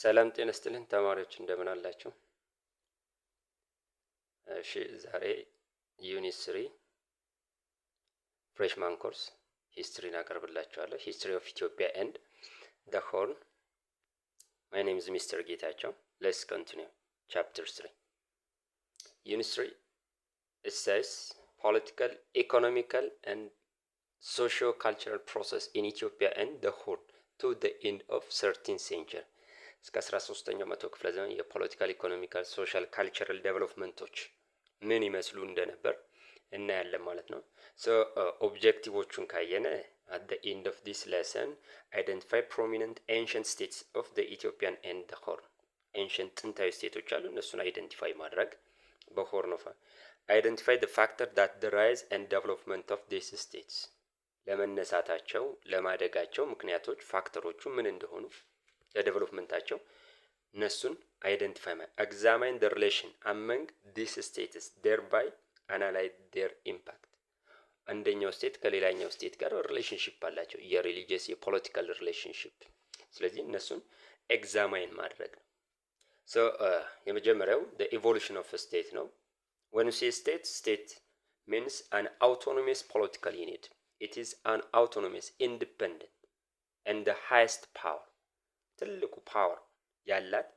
ሰላም ጤና ይስጥልን ተማሪዎች እንደምን አላችሁ? እሺ ዛሬ ዩኒት ስሪ ፍሬሽማን ኮርስ ሂስትሪን አቀርብላችኋለሁ። ሂስትሪ ኦፍ ኢትዮጵያ ኤንድ ደ ሆርን ማይ ኔም ኢዝ ሚስተር ጌታቸው ሌትስ ኮንቲኒው ቻፕተር ስሪ ዩኒት ስሪ ኢሴስ ፖለቲካል ኢኮኖሚካል ኤንድ ሶሺዮ ካልቸራል ፕሮሰስ ኢን ኢትዮጵያ ኤንድ ደ ሆርን ቱ ደ ኤንድ ኦፍ ሰርቲን ሴንቸሪ እስከ 13ኛው መቶ ክፍለ ዘመን የፖለቲካል፣ ኢኮኖሚካል፣ ሶሻል፣ ካልቸራል ዴቨሎፕመንቶች ምን ይመስሉ እንደነበር እናያለን ማለት ነው። ሶ ኦብጀክቲቮቹን ካየነ አት ደ ኤንድ ኦፍ ዲስ ሌሰን አይደንቲፋይ ፕሮሚነንት ኤንሽንት ስቴትስ ኦፍ ደ ኢትዮጵያን ኤንድ ደ ሆርን ኤንሽንት ጥንታዊ ስቴቶች አሉ። እነሱን አይደንቲፋይ ማድረግ በሆርን ኦፍ አይደንቲፋይ ደ ፋክተር ዳት ደ ራይዝ ኤንድ ዴቨሎፕመንት ኦፍ ዲስ ስቴትስ ለመነሳታቸው ለማደጋቸው ምክንያቶች ፋክተሮቹ ምን እንደሆኑ ለዴቨሎፕመንታቸው እነሱን አይደንቲፋይ ማለት ኤግዛማይን ዘ ሪሌሽን አመንግ ዲስ ስቴትስ ባይ አናላይዝ ዴር ኢምፓክት አንደኛው ስቴት ከሌላኛው ስቴት ጋር ሪሌሽንሽፕ አላቸው፣ የሪሊጂየስ የፖለቲካል ሪሌሽንሽፕ። ስለዚህ እነሱን ኤግዛማይን ማድረግ ነው። ሶ uh, የመጀመሪያው ዘ ኢቮሉሽን ኦፍ ስቴት ነው። ወን ሴ ስቴት ስቴት ሚንስ አን አውቶኖሚስ ፖለቲካል ዩኒት ኢት ኢዝ አን አውቶኖሚስ ኢንዲፐንደንት ኤንድ ሃይስት ፓወር ትልቁ ፓወር ያላት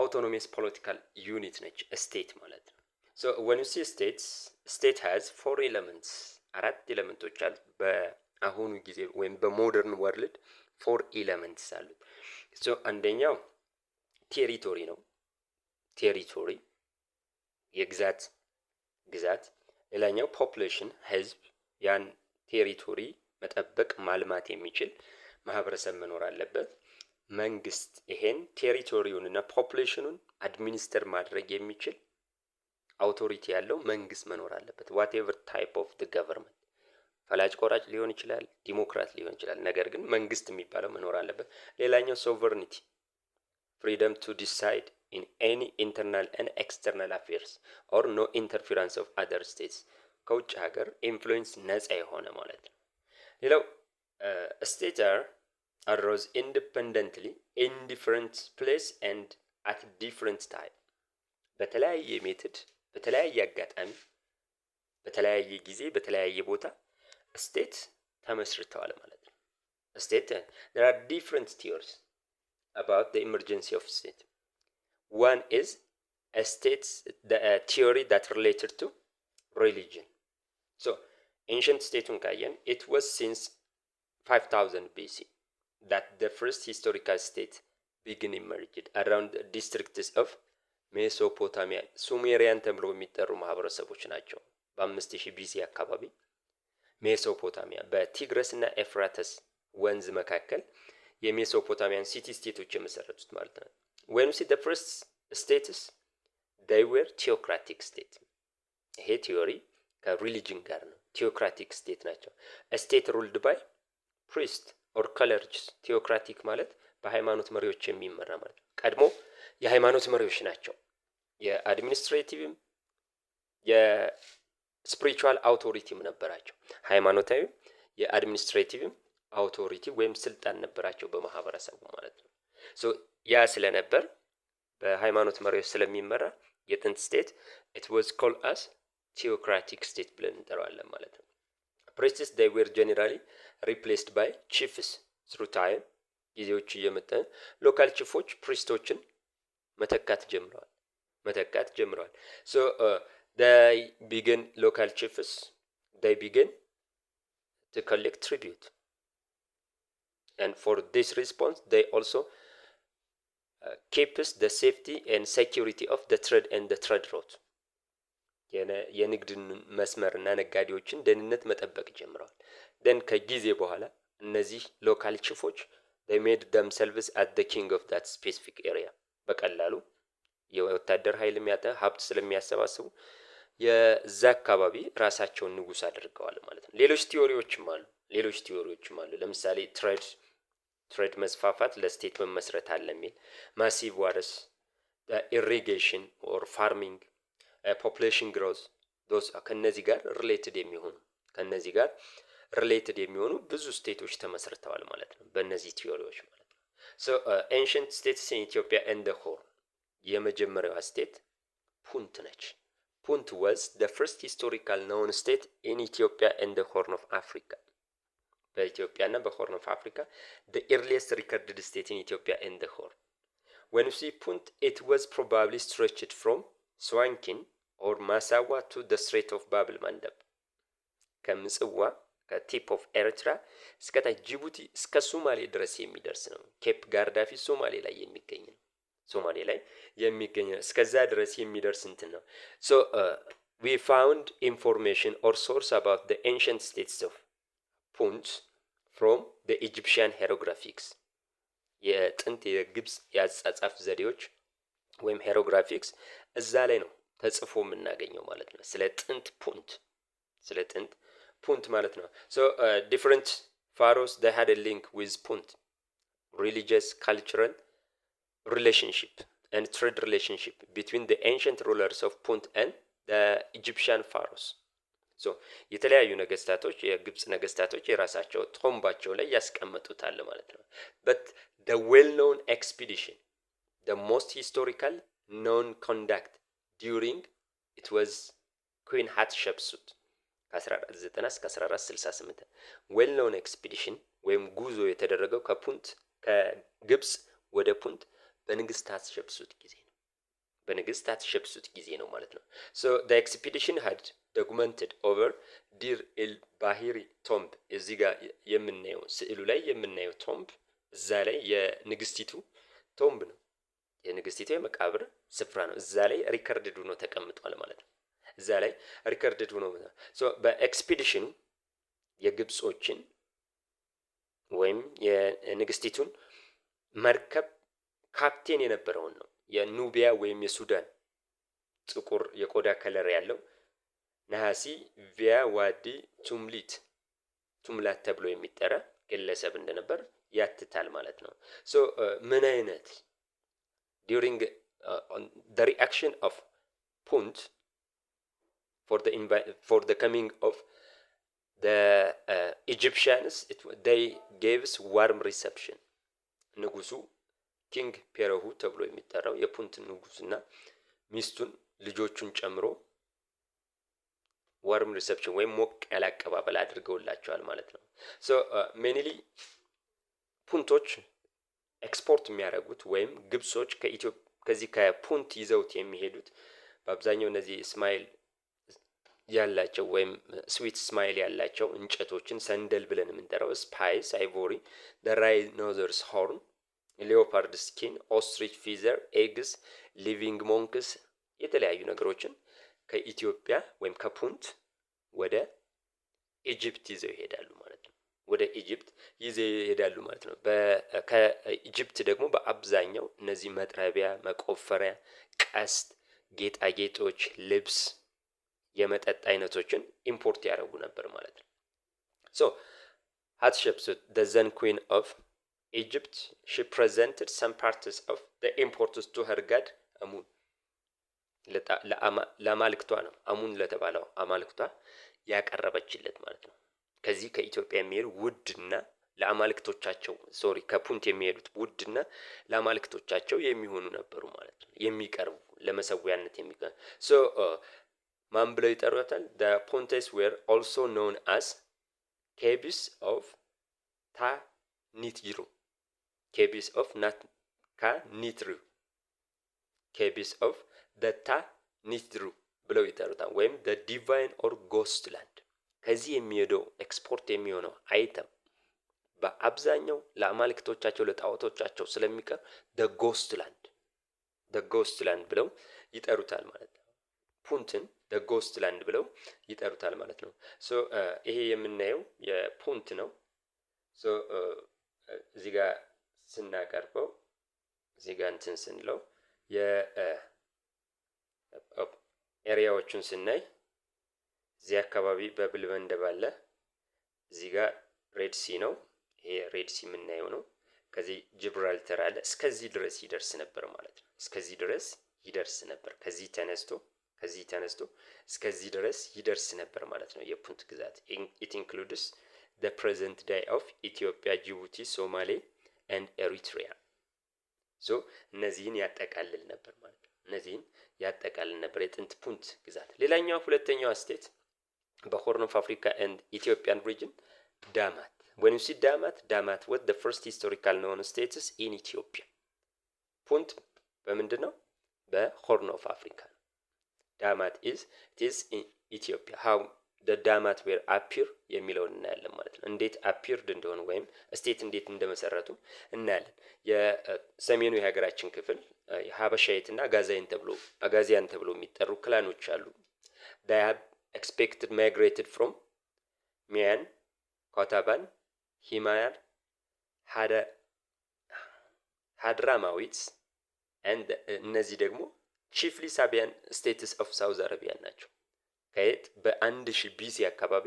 አውቶኖሚስ ፖለቲካል ዩኒት ነች፣ ስቴት ማለት ነው። ሶ ወን ሲ ስቴትስ ስቴት ሃዝ ፎር ኤለመንትስ አራት ኤለመንቶች አሉት። በአሁኑ ጊዜ ወይም በሞደርን ወርልድ ፎር ኤለመንትስ አሉት። ሶ አንደኛው ቴሪቶሪ ነው። ቴሪቶሪ የግዛት ግዛት። ሌላኛው ፖፑሌሽን ህዝብ፣ ያን ቴሪቶሪ መጠበቅ ማልማት የሚችል ማህበረሰብ መኖር አለበት። መንግስት ይሄን ቴሪቶሪውንና ፖፕሌሽኑን አድሚኒስተር ማድረግ የሚችል አውቶሪቲ ያለው መንግስት መኖር አለበት። ዋቴቨር ታይፕ ኦፍ ድ ገቨርንመንት ፈላጭ ቆራጭ ሊሆን ይችላል፣ ዲሞክራት ሊሆን ይችላል። ነገር ግን መንግስት የሚባለው መኖር አለበት። ሌላኛው ሶቨርኒቲ ፍሪደም ቱ ዲሳይድ ኢን ኤኒ ኢንተርናል ኤን ኤክስተርናል አፌርስ ኦር ኖ ኢንተርፌራንስ ኦፍ አደር ስቴትስ ከውጭ ሀገር ኢንፍሉዌንስ ነጻ የሆነ ማለት ነው። ሌላው ስቴት uh, አር arose ኢንዲፐንደንትሊ ኢን ዲፍረንት ፕሌስ ኤንድ አት ዲፍረንት ታይም በተለያየ ሜትድ በተለያየ አጋጣሚ በተለያየ ጊዜ በተለያየ ቦታ ስቴት ተመስርተዋል ማለት ነው። ስቴት there are different theories about the emergency of state. One is a state the, a theory that related to religion. So ancient state ካየን it was since 5000 BC that the first historical state ቢግን ኢመርጅድ አራውንድ ዲስትሪክትስ ኦፍ ሜሶፖታሚያ ሱሜሪያን ተብሎ የሚጠሩ ማህበረሰቦች ናቸው። በአምስት ሺህ ቢሲ አካባቢ ሜሶፖታሚያ በቲግረስ እና ኤፍራተስ ወንዝ መካከል የሜሶፖታሚያን ሲቲ ስቴቶች የመሰረቱት ማለት ነው። ወይም ሲ ፈርስት ስቴትስ ዳይ ቴዎክራቲክ ስቴት። ይሄ ቲዮሪ ከሪሊጅን ጋር ነው። ቴዎክራቲክ ስቴት ናቸው። ስቴት ሩልድ ባይ ፕሪስት ኦር ከለርጅስ ቴዎክራቲክ ማለት በሃይማኖት መሪዎች የሚመራ ማለት ነው። ቀድሞ የሃይማኖት መሪዎች ናቸው። የአድሚኒስትሬቲቭም የስፕሪቹዋል አውቶሪቲም ነበራቸው። ሃይማኖታዊም የአድሚኒስትሬቲቭም አውቶሪቲ ወይም ስልጣን ነበራቸው በማህበረሰቡ ማለት ነው። ሶ ያ ስለነበር በሃይማኖት መሪዎች ስለሚመራ የጥንት ስቴት ኢት ዋዝ ኮል አስ ቴዎክራቲክ ስቴት ብለን እንጠራዋለን ማለት ነው። ፕሬስቲስ ዴይ ዌር ጀኔራሊ ሪፕሌስድ ባይ ቺፍስ ስሩ ታይም ጊዜዎች እየመጠን ሎካል ቺፎች ፕሪስቶችን መተካት ጀምረዋል መተካት ጀምረዋል ሶ ዳይ ቢገን ሎካል ቺፍስ ዳይ ቢገን ቱ ኮሌክት ትሪቢዩት and for this response they also uh, keeps the safety and security of the trade and the trade route የንግድን መስመርና ነጋዴዎችን ደህንነት መጠበቅ ጀምረዋል ደን ከጊዜ በኋላ እነዚህ ሎካል ቺፎች ሜድ ደም ሰልቭስ አት ኪንግ ኦፍ ዳት ስፔሲፊክ ኤሪያ በቀላሉ የወታደር ኃይል ያጠ ሀብት ስለሚያሰባስቡ የዛ አካባቢ ራሳቸውን ንጉስ አድርገዋል ማለት ነው። ሌሎች ቲዎሪዎችም አሉ ሌሎች ቲዎሪዎችም አሉ። ለምሳሌ ትሬድ ትሬድ መስፋፋት ለስቴት መመስረት አለ የሚል ማሲቭ ዋርስ፣ ኢሪጌሽን ኦር ፋርሚንግ፣ ፖፕሌሽን ግሮዝ ከእነዚህ ጋር ሪሌትድ የሚሆኑ ከእነዚህ ጋር ሪሌትድ የሚሆኑ ብዙ ስቴቶች ተመስርተዋል ማለት ነው፣ በእነዚህ ቲዮሪዎች ማለት ነው። ሶ ኤንሽንት ስቴትስ ኢን ኢትዮጵያ ኤንድ ሆርን የመጀመሪያዋ ስቴት ፑንት ነች። ፑንት ወዝ ደ ፍርስት ሂስቶሪካል ነውን ስቴት ኢን ኢትዮጵያ ኤንድ ዘ ሆርን ኦፍ አፍሪካ በኢትዮጵያና በሆርን ኦፍ አፍሪካ ደ ኤርሊየስት ሪከርድድ ስቴት ኢን ኢትዮጵያ ኤንድ ዘ ሆርን ወን ሲ ፑንት ኢት ወዝ ፕሮባብሊ ስትሬችድ ፍሮም ስዋንኪን ኦር ማሳዋ ቱ ደ ስትሬት ኦፍ ባብል ማንደብ ከምጽዋ ከቲፕ ኦፍ ኤርትራ እስከታች ጅቡቲ እስከ ሶማሌ ድረስ የሚደርስ ነው። ኬፕ ጋርዳፊ ሶማሌ ላይ የሚገኝ ነው። ሶማሌ ላይ የሚገኝ ነው። እስከዛ ድረስ የሚደርስ እንትን ነው። ሶ ዊ ፋውንድ ኢንፎርሜሽን ኦር ሶርስ አባውት ዘ ኤንሸንት ስቴትስ ኦፍ ፑንት ፍሮም ዘ ኢጂፕሽያን ሄሮግራፊክስ የጥንት የግብፅ የአጻጻፍ ዘዴዎች ወይም ሄሮግራፊክስ እዛ ላይ ነው ተጽፎ የምናገኘው ማለት ነው። ስለ ጥንት ፑንት ስለ ጥንት ፑንት ማለት ነው። ሶ ዲፍረንት ፋሮስ had ሃድ ሊንክ ዊዝ ፑንት religious, ካልቸራል ሪሌሽንሽፕ and trade relationship between the ancient rulers of Punt and the Egyptian pharaohs. so የተለያዩ ነገስታቶች የግብጽ ነገስታቶች የራሳቸው ቶምባቸው ላይ ያስቀመጡታል ማለት ነው። but the well known expedition the most historical known conduct during it was Queen Hatshepsut ከ1490 እስከ 1468 ዌል ኖውን ኤክስፒዲሽን ወይም ጉዞ የተደረገው ከፑንት ከግብጽ ወደ ፑንት በንግስት አትሸብሱት ጊዜ ነው። በንግስት አትሸብሱት ጊዜ ነው ማለት ነው። ሶ ዘ ኤክስፒዲሽን ሀድ ዶኩመንትድ ኦቨር ዲር ኤል ባህሪ ቶምብ እዚህ ጋር የምናየው ስዕሉ ላይ የምናየው ቶምብ እዛ ላይ የንግስቲቱ ቶምብ ነው። የንግስቲቱ የመቃብር ስፍራ ነው። እዛ ላይ ሪከርድድ ሆኖ ተቀምጧል ማለት ነው። እዛ ላይ ሪከርድድ ሆኖ በኤክስፒዲሽኑ የግብጾችን ወይም የንግስቲቱን መርከብ ካፕቴን የነበረውን ነው። የኑቢያ ወይም የሱዳን ጥቁር የቆዳ ከለር ያለው ነሐሲ ቪያ ዋዲ ቱምሊት ቱምላት ተብሎ የሚጠራ ግለሰብ እንደነበር ያትታል ማለት ነው። ሶ uh, ምን አይነት ዲሪንግ ሪአክሽን ኦፍ ፑንት for the, for the coming of the uh, Egyptians, it, they gave warm reception ንጉሱ ኪንግ ፔረሁ ተብሎ የሚጠራው የፑንት ንጉስና ሚስቱን ልጆቹን ጨምሮ ዋርም ሪሰፕሽን ወይም ሞቅ ያለ አቀባበል አድርገውላቸዋል ማለት ነው። ሶ ሜኒሊ uh, ፑንቶች ኤክስፖርት የሚያደርጉት ወይም ግብጾች ከዚህ ከፑንት ይዘውት የሚሄዱት በአብዛኛው እነዚህ እስማኤል ያላቸው ወይም ስዊት ስማይል ያላቸው እንጨቶችን ሰንደል ብለን የምንጠራው ስፓይስ፣ አይቮሪ፣ ራይኖዘርስ ሆርን፣ ሌዮፓርድ ስኪን፣ ኦስትሪች ፊዘር፣ ኤግስ፣ ሊቪንግ ሞንክስ የተለያዩ ነገሮችን ከኢትዮጵያ ወይም ከፑንት ወደ ኢጅፕት ይዘው ይሄዳሉ ማለት ነው። ወደ ኢጅፕት ይዘው ይሄዳሉ ማለት ነው። ከኢጅፕት ደግሞ በአብዛኛው እነዚህ መጥረቢያ፣ መቆፈሪያ፣ ቀስት፣ ጌጣጌጦች፣ ልብስ የመጠጥ አይነቶችን ኢምፖርት ያደረጉ ነበር ማለት ነው። ሶ ሀትሽፕሱት ዘ ዘን ኩዊን ኦፍ ኢጅፕት ሺ ፕሬዘንትድ ሰም ፓርትስ ኦፍ ዘ ኢምፖርትስ ቱ ሄር ጋድ አሙን ለአማልክቷ ነው አሙን ለተባለው አማልክቷ ያቀረበችለት ማለት ነው። ከዚህ ከኢትዮጵያ የሚሄዱ ውድና ለአማልክቶቻቸው ሶሪ ከፑንት የሚሄዱት ውድና ለአማልክቶቻቸው የሚሆኑ ነበሩ ማለት ነው። የሚቀርቡ ለመሰዊያነት የሚቀ uh, ማን ብለው ይጠሩታል? ፖንቴስ ዌር ኦልሶ ኖውን አስ ኬቢስ ኦፍ ታኒትሩ ኬቢስ ኦፍ ካኒትሩ ኬቢስ ኦፍ ኒትሩ ብለው ይጠሩታል። ወይም ዲቫይን ኦር ጎስት ላንድ። ከዚህ የሚሄደው ኤክስፖርት የሚሆነው አይተም በአብዛኛው ለአማልክቶቻቸው ለጣዖቶቻቸው ስለሚቀር ደ ጎስት ላንድ ደ ጎስት ላንድ ብለው ይጠሩታል ማለት ነው ፑንትን ጎስት ላንድ ብለው ይጠሩታል ማለት ነው። ሶ uh, ይሄ የምናየው የፑንት ነው። ሶ uh, እዚህ ጋር ስናቀርበው እዚህ ጋር እንትን ስንለው የኤሪያዎቹን uh, ስናይ እዚህ አካባቢ በብልበንደብ አለ። እዚህ ጋር ሬድ ሲ ነው። ይሄ ሬድ ሲ የምናየው ነው። ከዚህ ጅብራልተር አለ። እስከዚህ ድረስ ይደርስ ነበር ማለት ነው። እስከዚህ ድረስ ይደርስ ነበር ከዚህ ተነስቶ ከዚህ ተነስቶ እስከዚህ ድረስ ይደርስ ነበር ማለት ነው። የፑንት ግዛት ኢት ኢንክሉድስ ዘ ፕሬዘንት ዳይ ኦፍ ኢትዮጵያ፣ ጅቡቲ፣ ሶማሌ ኤንድ ኤሪትሪያ ሶ እነዚህን ያጠቃልል ነበር ማለት ነው። እነዚህን ያጠቃልል ነበር የጥንት ፑንት ግዛት። ሌላኛዋ ሁለተኛዋ ስቴት በሆርን ኦፍ አፍሪካ ኤንድ ኢትዮጵያን ሪጅን ዳማት ወን ዩ ሲ ዳማት ዳማት ወት ደ ፈርስት ሂስቶሪካል ነውን ስቴትስ ኢን ኢትዮጵያ ፑንት በምንድን ነው? በሆርን ኦፍ አፍሪካ ዳማት ኢዝ ኢዝ ኢን ኢትዮጵያ ሀው ዳማት ዌር አፒር የሚለውን እናያለን ማለት ነው። እንዴት አፒርድ እንደሆኑ ወይም ስቴት እንዴት እንደመሰረቱ እናያለን። የሰሜኑ የሀገራችን ክፍል ሀበሻየትና ጋዛይን ተብሎ አጋዚያን ተብሎ የሚጠሩ ክላኖች አሉ። ዳይ ሀብ ኤክስፔክትድ ማይግሬትድ ፍሮም ሚያን፣ ኮታባን፣ ሂማያር፣ ሀድራማዊትስ እነዚህ ደግሞ ቺፍሊ ሳቢያን ስቴትስ ኦፍ ሳውዝ አረቢያን ናቸው። ከየት በአንድ ሺህ ቢሲ አካባቢ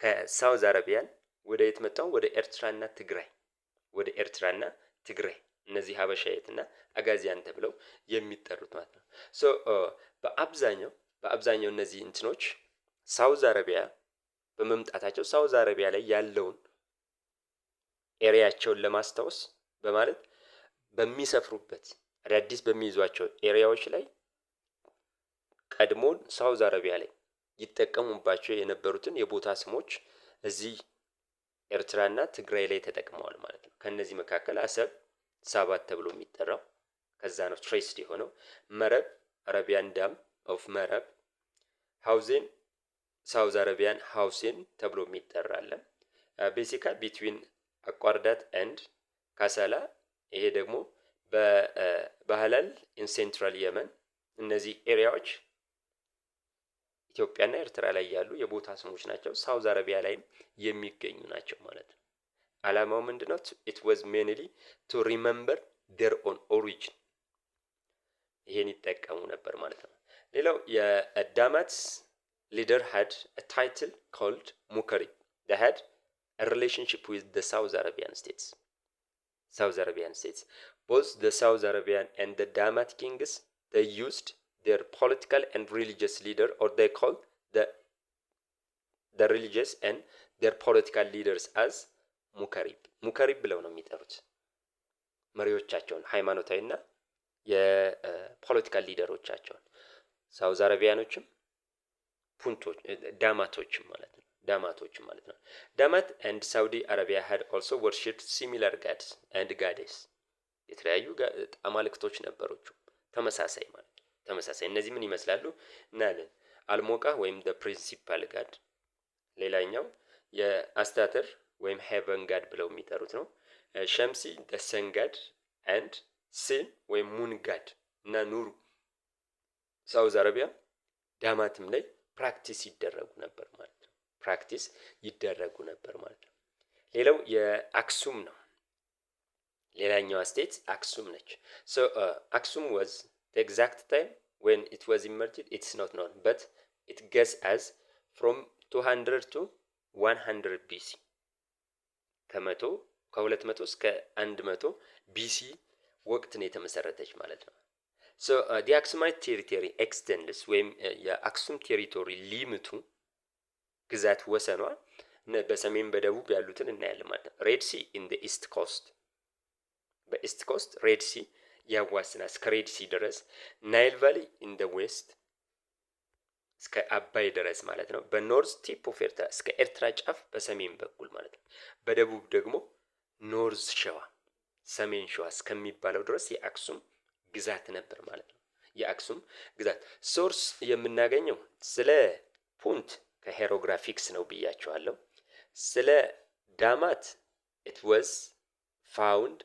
ከሳውዝ አረቢያን ወደ የት መጣው? ወደ ኤርትራና ትግራይ ወደ ኤርትራና ትግራይ እነዚህ ሀበሻየትና አጋዚያን ተብለው የሚጠሩት ማለት ነው። ሶ በአብዛኛው በአብዛኛው እነዚህ እንትኖች ሳውዝ አረቢያ በመምጣታቸው ሳውዝ አረቢያ ላይ ያለውን ኤሪያቸውን ለማስታወስ በማለት በሚሰፍሩበት አዳዲስ በሚይዟቸው ኤሪያዎች ላይ ቀድሞን ሳውዝ አረቢያ ላይ ይጠቀሙባቸው የነበሩትን የቦታ ስሞች እዚህ ኤርትራና ትግራይ ላይ ተጠቅመዋል ማለት ነው። ከእነዚህ መካከል አሰብ ሳባት ተብሎ የሚጠራው ከዛ ነው ትሬስድ የሆነው። መረብ አረቢያን ዳም ኦፍ መረብ፣ ሀውዜን ሳውዝ አረቢያን ሀውሴን ተብሎ የሚጠራለን። ቤሲካ ቢትዊን አቋርዳት ኤንድ ካሳላ ይሄ ደግሞ በባህላል ኢን ሴንትራል የመን እነዚህ ኤሪያዎች ኢትዮጵያና ኤርትራ ላይ ያሉ የቦታ ስሞች ናቸው። ሳውዝ አረቢያ ላይም የሚገኙ ናቸው ማለት ነው። አላማው ምንድነው? ኢት ዋዝ ሜንሊ ቱ ሪመምበር ዴር ኦን ኦሪጂን ይሄን ይጠቀሙ ነበር ማለት ነው። ሌላው የዳማት ሊደር ሀድ ታይትል ኮልድ ሙከሪ ሀድ ሪሌሽንሽፕ ዊዝ ሳውዝ አረቢያን ስቴትስ ሳውዝ አረቢያን ስቴትስ both the South Arabian and the Damat kings, they used their political and religious leader, or they called the, the religious and their political leaders as ሙከሪብ ሙከሪብ ብለው ነው የሚጠሩት መሪዎቻቸውን ሃይማኖታዊና የፖለቲካል ሊደሮቻቸውን ሳውዝ አረቢያኖችም ፑንቶች ዳማቶችም ማለት ነው ዳማቶችም ማለት ነው ዳማት ኤንድ ሳውዲ አረቢያ ሀድ ኦልሶ ወርሺፕ ሲሚለር ጋድስ ኤንድ ጋዴስ የተለያዩ አማልክቶች ነበሮቹ ተመሳሳይ ማለት ተመሳሳይ እነዚህ ምን ይመስላሉ እናያለን። አልሞቃ ወይም ደ ፕሪንሲፓል ጋድ ሌላኛው የአስታተር ወይም ሄቨን ጋድ ብለው የሚጠሩት ነው። ሸምሲ ደ ሰን ጋድ አንድ ሲን ወይም ሙን ጋድ እና ኑር ሳውዝ አረቢያ ዳማትም ላይ ፕራክቲስ ይደረጉ ነበር ማለት ነው። ፕራክቲስ ይደረጉ ነበር ማለት ነው። ሌላው የአክሱም ነው። ሌላኛዋ ስቴት አክሱም ነች። ሶ uh, አክሱም ወዝ ኤግዛክት ታይም ወን ኢት ወዝ ኢመርትድ ኢትስ ኖት ኖን በት ኢት ገስ አዝ ፍሮም ቱ ሀንድረድ ቱ ዋን ሀንድረድ ቢሲ ከመቶ ከሁለት መቶ እስከ አንድ መቶ ቢሲ ወቅት ነው የተመሰረተች ማለት ነው። ሶ ዲ አክሱማይት ቴሪቶሪ ኤክስቴንድስ ወይም uh, የአክሱም ቴሪቶሪ ሊምቱ ግዛት ወሰኗ በሰሜን በደቡብ ያሉትን እናያለን ማለት ነው። ሬድ ሲ ኢን ኢስት ኮስት በኢስት ኮስት ሬድ ሲ ያዋስናል እስከ ሬድ ሲ ድረስ ናይል ቫሊ ኢን ደ ዌስት እስከ አባይ ድረስ ማለት ነው። በኖርዝ ቲፕ ኦፍ ኤርትራ እስከ ኤርትራ ጫፍ በሰሜን በኩል ማለት ነው። በደቡብ ደግሞ ኖርዝ ሸዋ፣ ሰሜን ሸዋ እስከሚባለው ድረስ የአክሱም ግዛት ነበር ማለት ነው። የአክሱም ግዛት ሶርስ የምናገኘው ስለ ፑንት ከሄሮግራፊክስ ነው ብያቸዋለሁ። ስለ ዳማት ኢት ወዝ ፋውንድ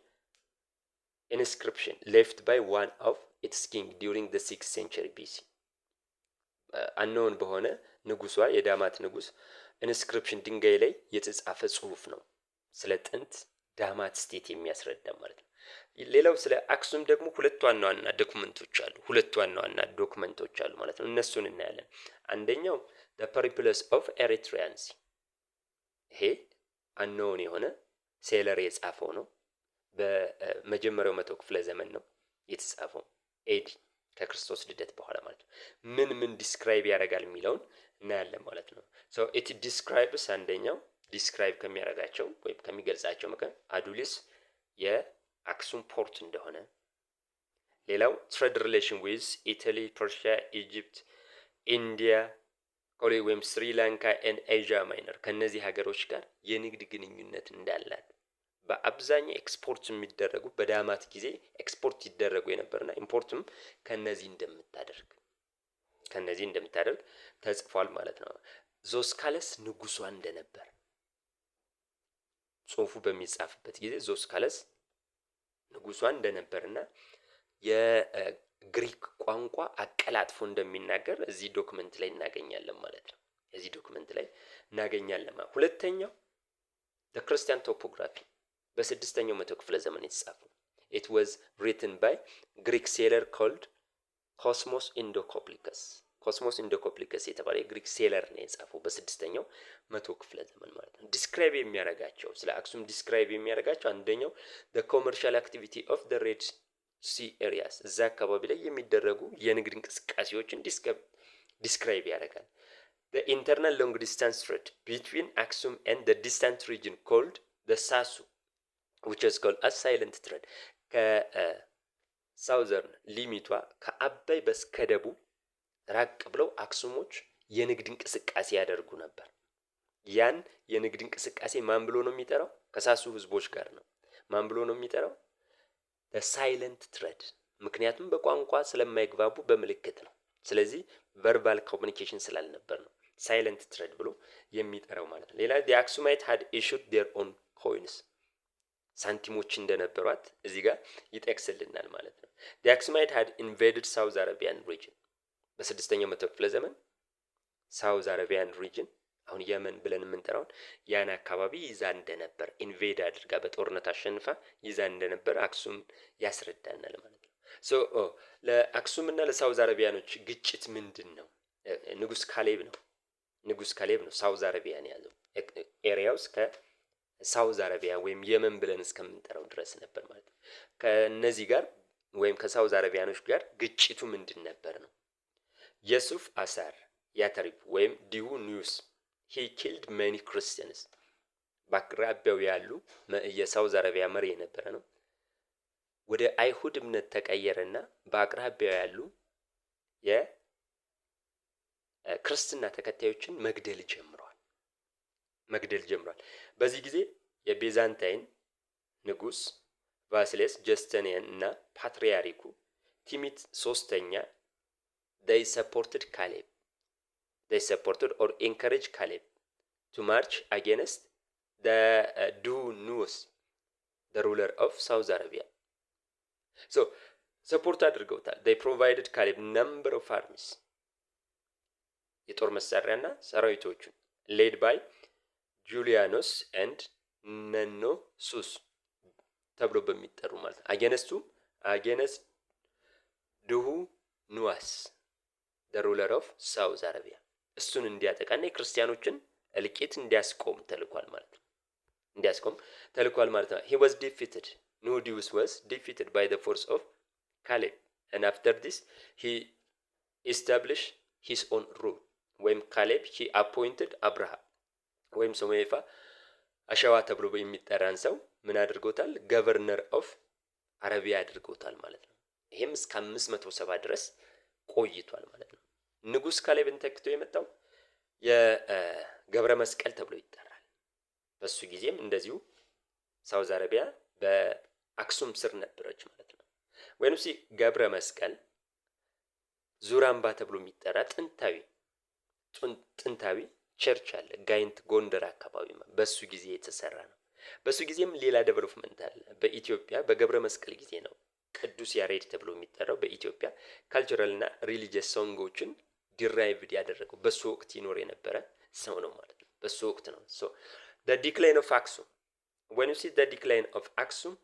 ኢንስክሪፕሽን ሌፍት ባይ ዋን ኦፍ ኢትስ ኪንግ ዲሪንግ ዘ ሲክስ ሴንቸሪ ቢሲ አነውን በሆነ ንጉሷ የዳማት ንጉስ ኢንስክሪፕሽን ድንጋይ ላይ የተጻፈ ጽሁፍ ነው። ስለ ጥንት ዳማት ስቴት የሚያስረዳ ማለት ነው። ሌላው ስለ አክሱም ደግሞ ሁለት ዋና ዋና ዶክመንቶች አሉ። ሁለት ዋና ዋና ዶክመንቶች አሉ ማለት ነው። እነሱን እናያለን። አንደኛው ዘ ፐሪፕለስ ኦፍ ኤሪትሪያንሲ ይሄ አነውን የሆነ ሴለር የጻፈው ነው። በመጀመሪያው መቶ ክፍለ ዘመን ነው የተጻፈው ኤዲ ከክርስቶስ ልደት በኋላ ማለት ነው። ምን ምን ዲስክራይብ ያደርጋል የሚለውን እናያለን ማለት ነው። ሶ ኢት ዲስክራይብስ አንደኛው ዲስክራይብ ከሚያደርጋቸው ወይም ከሚገልጻቸው መካከል አዱሊስ የአክሱም ፖርት እንደሆነ፣ ሌላው ትሬድ ሪሌሽን ዊዝ ኢታሊ፣ ፐርሺያ፣ ኢጅፕት፣ ኢንዲያ ወይም ስሪላንካ ኤን ኤዥያ ማይነር ከእነዚህ ሀገሮች ጋር የንግድ ግንኙነት እንዳላት በአብዛኛው ኤክስፖርት የሚደረጉ በዳማት ጊዜ ኤክስፖርት ይደረጉ የነበርና ኢምፖርትም ከነዚህ እንደምታደርግ ከነዚህ እንደምታደርግ ተጽፏል ማለት ነው። ዞስካለስ ንጉሷ እንደነበር ጽሁፉ በሚጻፍበት ጊዜ ዞስካለስ ንጉሷ እንደነበርና የግሪክ ቋንቋ አቀላጥፎ እንደሚናገር እዚህ ዶክመንት ላይ እናገኛለን ማለት ነው። እዚህ ዶክመንት ላይ እናገኛለን። ሁለተኛው ለክርስቲያን ቶፖግራፊ በስድስተኛው መቶ ክፍለ ዘመን የተጻፈው ኢት ዋዝ ሪትን ባይ ግሪክ ሴለር ኮልድ ኮስሞስ ኢንዶኮፕሊከስ ኮስሞስ ኢንዶኮፕሊከስ የተባለ የግሪክ ሴለር ነው የጻፈው በስድስተኛው መቶ ክፍለ ዘመን ማለት ነው። ዲስክራይብ የሚያደርጋቸው ስለ አክሱም ዲስክራይብ የሚያደርጋቸው አንደኛው ዘ ኮመርሻል አክቲቪቲ ኦፍ ዘ ሬድ ሲ ኤሪያስ እዛ አካባቢ ላይ የሚደረጉ የንግድ እንቅስቃሴዎችን ዲስክራይብ ያደርጋል። ዘ ኢንተርናል ሎንግ ዲስታንስ ትሬድ ቢትዊን አክሱም ኤንድ ዲስታንት ሪጅን ኮልድ ዘ ሳሱ ዊች ኢዝ ኮልድ ሳይለንት ትሬድ ከሳውዘርን ሊሚቷ ከአባይ በስከደቡ ራቅ ብለው አክሱሞች የንግድ እንቅስቃሴ ያደርጉ ነበር። ያን የንግድ እንቅስቃሴ ማን ብሎ ነው የሚጠራው? ከሳሱ ህዝቦች ጋር ነው። ማን ብሎ ነው የሚጠራው? ሳይለንት ትሬድ። ምክንያቱም በቋንቋ ስለማይግባቡ በምልክት ነው። ስለዚህ ቨርባል ኮሚኒኬሽን ስላልነበር ነው ሳይለንት ትሬድ ብሎ የሚጠራው ማለት ነው። ሌላ ዘ አክሱማይት ሃድ ኢሹድ ዴር ኦን ኮይንስ ሳንቲሞች እንደነበሯት እዚ ጋር ይጠቅስልናል ማለት ነው። ዘ አክሱማይት ኢንቬድድ ሳውዝ አረቢያን ሪጅን በስድስተኛው መቶ ክፍለ ዘመን ሳውዝ አረቢያን ሪጅን አሁን የመን ብለን የምንጠራውን ያን አካባቢ ይዛ እንደነበር ኢንቬድ አድርጋ በጦርነት አሸንፋ ይዛ እንደነበር አክሱም ያስረዳናል ማለት ነው። ሶ ለአክሱምና ለሳውዝ አረቢያኖች ግጭት ምንድን ነው? ንጉስ ካሌብ ነው ንጉስ ካሌብ ነው ሳውዝ አረቢያን ያዘው ኤሪያውስ ሳውዝ አረቢያ ወይም የመን ብለን እስከምንጠራው ድረስ ነበር ማለት ነው። ከእነዚህ ጋር ወይም ከሳውዝ አረቢያኖች ጋር ግጭቱ ምንድን ነበር ነው። የሱፍ አሳር ያተሪብ ወይም ዲሁ ኒውስ ሂ ኪልድ መኒ ክርስቲያንስ በአቅራቢያው ያሉ የሳውዝ አረቢያ መሪ የነበረ ነው። ወደ አይሁድ እምነት ተቀየረና በአቅራቢያው ያሉ የክርስትና ተከታዮችን መግደል ጀመረ። መግደል ጀምሯል። በዚህ ጊዜ የቤዛንታይን ንጉስ ቫሲሌስ ጀስተኒያን እና ፓትሪያሪኩ ቲሚት ሶስተኛ ዳይ ሰፖርትድ ካሌብ ዳይ ሰፖርትድ ኦር ኤንካሬጅ ካሌብ ቱ ማርች አጌንስት ዱ ኑስ ዱኑስ ሩለር ኦፍ ሳውዝ አረቢያ ሶ ሰፖርት አድርገውታል። ዳይ ፕሮቫይድድ ካሌብ ነምበር ኦፍ አርሚስ የጦር መሳሪያና ሰራዊቶቹን ሌድ ባይ ጁሊያኖስ ኤንድ ነኖ ሱስ ተብሎ በሚጠሩ ማለት ነው። አጌነስቱም አጌነስ ድሁ ኑዋስ ደሩለር ኦፍ ሳውዝ አረቢያ እሱን እንዲያጠቃና የክርስቲያኖችን እልቂት እንዲያስቆም ተልኳል ማለት ነው። እንዲያስቆም ተልኳል ማለት ነው። ሂ ዋዝ ዲፊትድ ኑዲዩስ ዋዝ ዲፊትድ ባይ ዘ ፎርስ ኦፍ ካሌብ ኤንድ አፍተር ዲስ ሂ ኢስታብሊሽ ሂስ ኦን ሩል ወይም ካሌብ ሂ አፖይንትድ አብርሃም ወይም ሶሜፋ አሸዋ ተብሎ የሚጠራን ሰው ምን አድርጎታል? ገቨርነር ኦፍ አረቢያ አድርጎታል ማለት ነው። ይሄም እስከ አምስት መቶ ሰባ ድረስ ቆይቷል ማለት ነው። ንጉስ ካሌብን ተክቶ የመጣው የገብረ መስቀል ተብሎ ይጠራል። በሱ ጊዜም እንደዚሁ ሳውዝ አረቢያ በአክሱም ስር ነበረች ማለት ነው። ወይም ሲ ገብረ መስቀል ዙራምባ ተብሎ የሚጠራ ጥንታዊ ጥንታዊ ቸርች አለ ጋይንት ጎንደር አካባቢ በሱ ጊዜ የተሰራ ነው። በሱ ጊዜም ሌላ ዴቨሎፕመንት አለ። በኢትዮጵያ በገብረ መስቀል ጊዜ ነው ቅዱስ ያሬድ ተብሎ የሚጠራው በኢትዮጵያ ካልቸራልና ሪሊጂየስ ሶንጎችን ዲራይቭድ ያደረገው በሱ ወቅት ይኖር የነበረ ሰው ነው ማለት ነው። በሱ ወቅት ነው ሶ ዲክላይን ኦፍ አክሱም ወን ዩ ሲ ዲክላይን ኦፍ አክሱም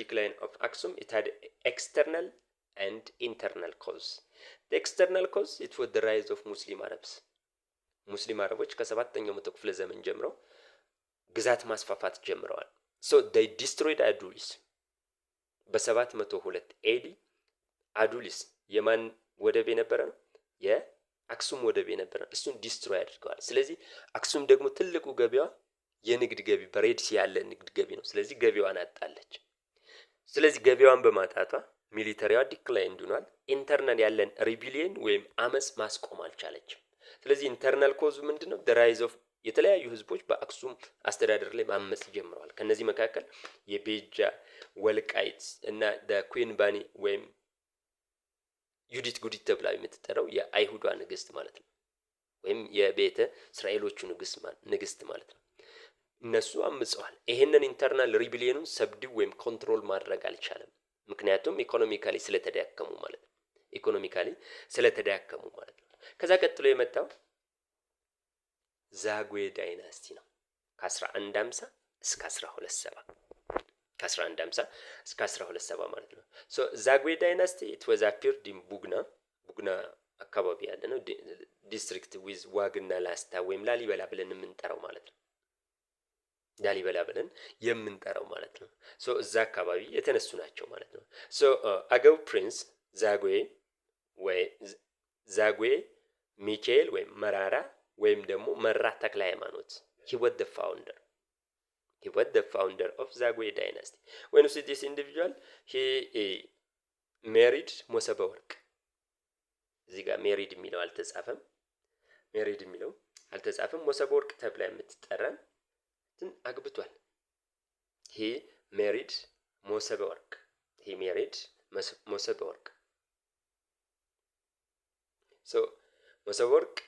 ዲክላይን ኦፍ አክሱም ኢት ሀድ ኤክስተርናል ኤንድ ኢንተርናል ኮዝ ኤክስተርናል ኮዝ ኢት ወዝ ዘ ራይዝ ኦፍ ሙስሊም አረብስ ሙስሊም አረቦች ከሰባተኛው መቶ ክፍለ ዘመን ጀምረው ግዛት ማስፋፋት ጀምረዋል። ሶ ዲስትሮይድ አዱሊስ በሰባት መቶ ሁለት ኤዲ አዱሊስ የማን ወደብ የነበረ ነው? የአክሱም ወደብ የነበረ ነው። እሱን ዲስትሮይ አድርገዋል። ስለዚህ አክሱም ደግሞ ትልቁ ገቢዋ የንግድ ገቢ በሬድሲ ያለ ንግድ ገቢ ነው። ስለዚህ ገቢዋን አጣለች። ስለዚህ ገቢዋን በማጣቷ ሚሊተሪዋ ዲክላይ ዱኗል። ኢንተርናል ያለን ሪቢሊየን ወይም አመፅ ማስቆም አልቻለችም። ስለዚህ ኢንተርናል ኮዝ ምንድነው? ዘ ራይዝ ኦፍ የተለያዩ ህዝቦች በአክሱም አስተዳደር ላይ ማመጽ ጀምረዋል። ከነዚህ መካከል የቤጃ ወልቃይት እና ኩን ባኒ ወይም ዩዲት ጉዲት ተብላ የምትጠራው የአይሁዷ ንግስት ማለት ነው፣ ወይም የቤተ እስራኤሎቹ ንግስት ማለት ነው። እነሱ አምጸዋል። ይሄንን ኢንተርናል ሪቢሊዮኑን ሰብድ ወይም ኮንትሮል ማድረግ አልቻለም። ምክንያቱም ኢኮኖሚካሊ ስለተዳከሙ ማለት ነው። ኢኮኖሚካሊ ስለተዳከሙ ማለት ነው። ከዛ ቀጥሎ የመጣው ዛጉዌ ዳይናስቲ ነው ከ1150 እስከ 1270 ከ1150 እስከ 1270 ማለት ነው። ሶ ዛጉዌ ዳይናስቲ ኢት ወዝ ፒርድ ኢን ቡግና ቡግና አካባቢ ያለ ነው ዲስትሪክት ዊዝ ዋግና ላስታ ወይም ላሊበላ ብለን የምንጠራው ማለት ነው። ላሊበላ ብለን የምንጠራው ማለት ነው። ሶ እዛ አካባቢ የተነሱ ናቸው ማለት ነው። ሶ uh, አገው ፕሪንስ ዛጉዌ ወይ ዛጉዌ ሚካኤል ወይም መራራ ወይም ደግሞ መራ ተክለ ሃይማኖት ሂወት ደ ፋውንደር ሂ ሂወት ደ ፋውንደር ኦፍ ዛጉዌ ዳይናስቲ ወን ሲ ዲስ ኢንዲቪጁዋል ሂ ሜሪድ ሞሰበ ወርቅ እዚህ ጋር ሜሪድ የሚለው አልተጻፈም። ሜሪድ የሚለው አልተጻፈም። ሞሰበ ወርቅ ተብላ የምትጠራን እንትን አግብቷል። ሂ ሜሪድ ሞሰበ ወርቅ ሂ ሜሪድ ሞሰበ ወርቅ ሶ መሶበ ወርቅ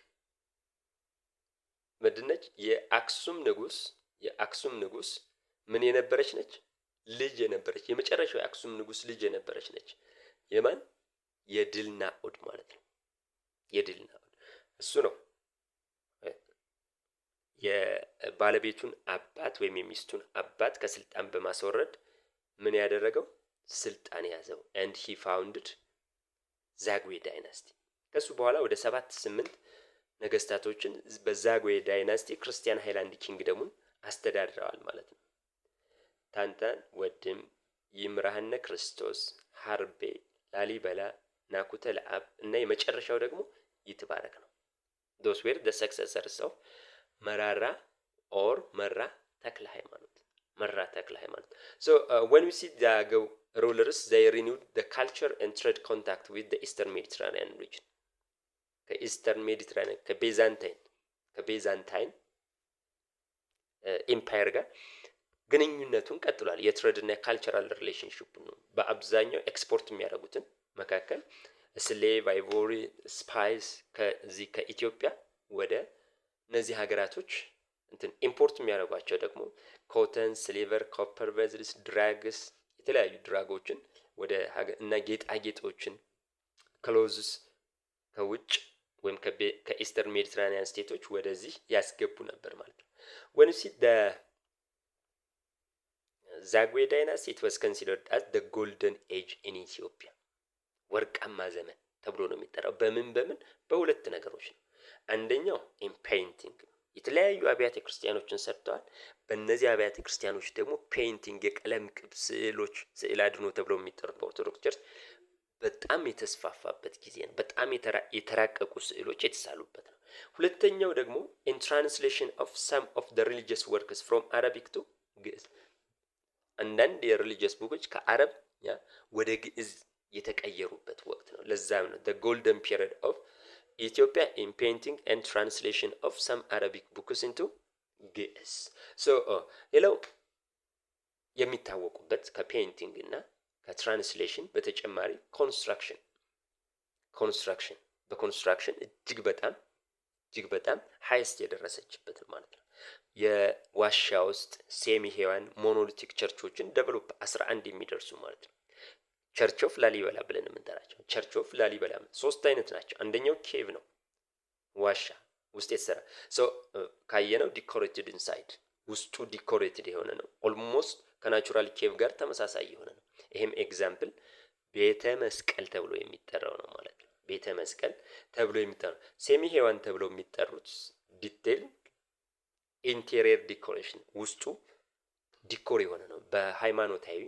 ምንድን ነች? የአክሱም ንጉስ የአክሱም ንጉስ ምን የነበረች ነች? ልጅ የነበረች የመጨረሻው የአክሱም ንጉስ ልጅ የነበረች ነች። የማን የድልናኦድ ማለት ነው። የድልናኦድ እሱ ነው የባለቤቱን አባት ወይም የሚስቱን አባት ከስልጣን በማስወረድ ምን ያደረገው ስልጣን ያዘው። ኤንድ ሂ ፋውንድድ ዛግዌ ዳይናስቲ ከሱ በኋላ ወደ ሰባት ስምንት ነገስታቶችን በዛጉዌ ዳይናስቲ ክርስቲያን ሃይላንድ ኪንግደሙን አስተዳድረዋል ማለት ነው። ታንታን፣ ወድም፣ ይምራህነ ክርስቶስ፣ ሀርቤ፣ ላሊበላ፣ ናኩተ ለአብ እና የመጨረሻው ደግሞ ይትባረክ ነው። ዶስ ዌር ደ ሰክሰሰርስ ኦፍ መራራ ኦር መራ ተክለ ሃይማኖት መራ ተክለ ሃይማኖት ሶ ወን ዊ ሲ ዳገው ሩለርስ ዘይ ሪኒውድ ደ ካልቸር ኤንድ ትሬድ ኮንታክት ዊዝ ደ ኢስተርን ሜዲትራኒያን ሪጅን ከኢስተርን ሜዲትራኒያን ከቤዛንታይን ከቤዛንታይን ኢምፓየር ጋር ግንኙነቱን ቀጥሏል። የትሬድና የካልቸራል ሪሌሽንሽፕ ነው። በአብዛኛው ኤክስፖርት የሚያደርጉትን መካከል ስሌቭ፣ አይቮሪ፣ ስፓይስ ከዚህ ከኢትዮጵያ ወደ እነዚህ ሀገራቶች እንትን ኢምፖርት የሚያደርጓቸው ደግሞ ኮተን፣ ስሊቨር፣ ኮፐር ቬዝልስ፣ ድራግስ የተለያዩ ድራጎችን ወደ እና ጌጣጌጦችን ክሎዝስ ከውጭ ወይም ከኢስተር ሜዲትራኒያን ስቴቶች ወደዚህ ያስገቡ ነበር ማለት ነው። ወን ሲ ዛጉዌ ዳይናስቲ ኢት ዋስ ኮንሲደርድ ደ ጎልደን ኤጅ ኢን ኢትዮጵያ ወርቃማ ዘመን ተብሎ ነው የሚጠራው። በምን በምን በሁለት ነገሮች ነው። አንደኛው ኢን ፔይንቲንግ ነው። የተለያዩ አብያተ ክርስቲያኖችን ሰርተዋል። በእነዚህ አብያተ ክርስቲያኖች ደግሞ ፔይንቲንግ የቀለም ቅብ ስዕሎች፣ ስዕል አድኖ ተብሎ የሚጠሩት በኦርቶዶክስ ቸርች በጣም የተስፋፋበት ጊዜ ነው። በጣም የተራቀቁ ስዕሎች የተሳሉበት ነው። ሁለተኛው ደግሞ ኢን ትራንስሌሽን ኦፍ ሰም ኦፍ ደ ሪሊጂየስ ወርክስ ፍሮም አረቢክ ቱ ግዕዝ አንዳንድ የሪሊጂየስ ቡኮች ከአረብ ወደ ግዕዝ የተቀየሩበት ወቅት ነው። ለዛም ነው ደ ጎልደን ፒሪድ ኦፍ ኢትዮጵያ ኢን ፔይንቲንግ ኤንድ ትራንስሌሽን ኦፍ ሰም አረቢክ ቡክስ ኢንቱ ግዕዝ ሶ ሌላው የሚታወቁበት ከፔይንቲንግ እና ከትራንስሌሽን በተጨማሪ ኮንስትራክሽን ኮንስትራክሽን በኮንስትራክሽን እጅግ በጣም እጅግ በጣም ሀይስት የደረሰችበትን ማለት ነው። የዋሻ ውስጥ ሴሚ ሄዋን ሞኖሊቲክ ቸርቾችን ደቨሎፕ አንድ የሚደርሱ ማለት ነው። ቸርች ኦፍ ላሊበላ ብለን የምንጠራቸው ቸርች ኦፍ ላሊበላ ሶስት አይነት ናቸው። አንደኛው ኬቭ ነው፣ ዋሻ ውስጥ የተሰራ ሰው ካየነው ዲኮሬትድ ኢንሳይድ ውስጡ ዲኮሬትድ የሆነ ነው ኦልሞስት ከናቹራል ኬቭ ጋር ተመሳሳይ የሆነ ነው። ይሄም ኤግዛምፕል ቤተ መስቀል ተብሎ የሚጠራው ነው ማለት ነው። ቤተ መስቀል ተብሎ የሚጠራው ሴሚ ሄዋን ተብሎ የሚጠሩት ዲቴል ኢንቴሪየር ዲኮሬሽን ውስጡ ዲኮር የሆነ ነው በሃይማኖታዊ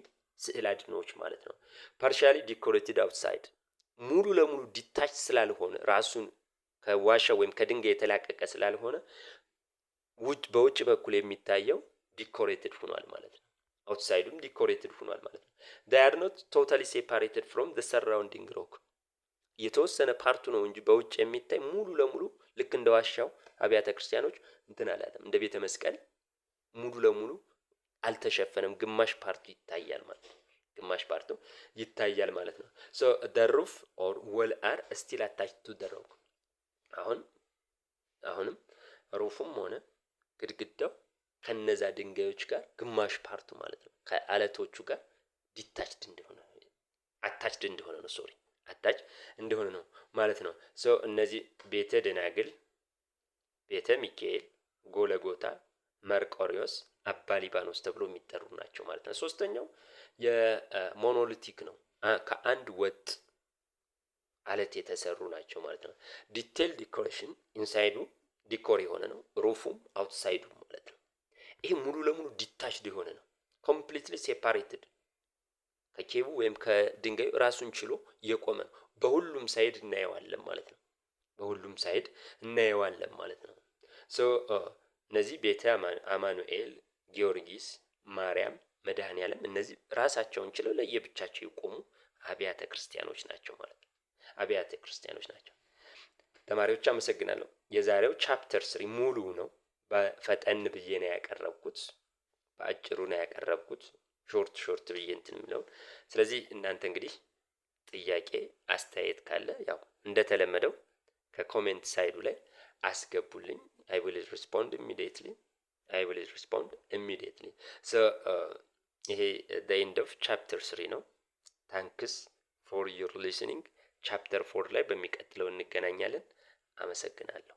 ስዕል አድኖዎች ማለት ነው። ፓርሻሊ ዲኮሬትድ አውትሳይድ ሙሉ ለሙሉ ዲታች ስላልሆነ ራሱን ከዋሻ ወይም ከድንጋይ የተላቀቀ ስላልሆነ ውጭ በውጭ በኩል የሚታየው ዲኮሬትድ ሆኗል ማለት ነው። አውትሳይዱም ዲኮሬትድ ሆኗል ማለት ነው። ዳይ አር ኖት ቶታሊ ሴፓሬትድ ፍሮም ዘ ሰራውንዲንግ ሮክ የተወሰነ ፓርቱ ነው እንጂ በውጭ የሚታይ ሙሉ ለሙሉ ልክ እንደ ዋሻው አብያተ ክርስቲያኖች እንትን አላለም። እንደ ቤተ መስቀል ሙሉ ለሙሉ አልተሸፈነም። ግማሽ ፓርቱ ይታያል ማለት ነው። ግማሽ ፓርቱ ይታያል ማለት ነው። ሶ ደ ሩፍ ኦር ወል አር ስቲል አታች ቱ ደ ሮክ አሁን አሁንም ሩፉም ሆነ ግድግዳው ከነዛ ድንጋዮች ጋር ግማሽ ፓርቱ ማለት ነው ከአለቶቹ ጋር ዲታችድ እንደሆነ አታችድ እንደሆነ ነው ሶሪ አታች እንደሆነ ነው ማለት ነው። ሰው እነዚህ ቤተ ደናግል፣ ቤተ ሚካኤል፣ ጎለጎታ፣ መርቆሪዎስ፣ አባ ሊባኖስ ተብሎ የሚጠሩ ናቸው ማለት ነው። ሶስተኛው የሞኖሊቲክ ነው። ከአንድ ወጥ አለት የተሰሩ ናቸው ማለት ነው። ዲቴል ዲኮሬሽን ኢንሳይዱ ዲኮር የሆነ ነው፣ ሩፉም አውትሳይዱም ማለት ነው። ይሄ ሙሉ ለሙሉ ዲታችድ የሆነ ነው። ኮምፕሊትሊ ሴፓሬትድ ከኬቡ ወይም ከድንጋዩ ራሱን ችሎ የቆመ ነው። በሁሉም ሳይድ እናየዋለን ማለት ነው። በሁሉም ሳይድ እናየዋለን ማለት ነው። ሶ uh, እነዚህ ቤተ አማኑኤል፣ ጊዮርጊስ፣ ማርያም፣ መድኃኔ ዓለም እነዚህ ራሳቸውን ችለው ለየብቻቸው የቆሙ አብያተ ክርስቲያኖች ናቸው ማለት ነው። አብያተ ክርስቲያኖች ናቸው። ተማሪዎች አመሰግናለሁ። የዛሬው ቻፕተር ስሪ ሙሉ ነው። ፈጠን ብዬ ነው ያቀረብኩት፣ በአጭሩ ነው ያቀረብኩት። ሾርት ሾርት ብዬ እንትን የምለውን ስለዚህ እናንተ እንግዲህ ጥያቄ አስተያየት ካለ ያው እንደተለመደው ከኮሜንት ሳይዱ ላይ አስገቡልኝ። አይ ዊል ሪስፖንድ ኢሚዲየትሊ አይ ዊል ሪስፖንድ ኢሚዲየትሊ። ሶ ይሄ ዘ ኤንድ ኦፍ ቻፕተር ስሪ ነው። ታንክስ ፎር ዩር ሊስኒንግ። ቻፕተር ፎር ላይ በሚቀጥለው እንገናኛለን። አመሰግናለሁ።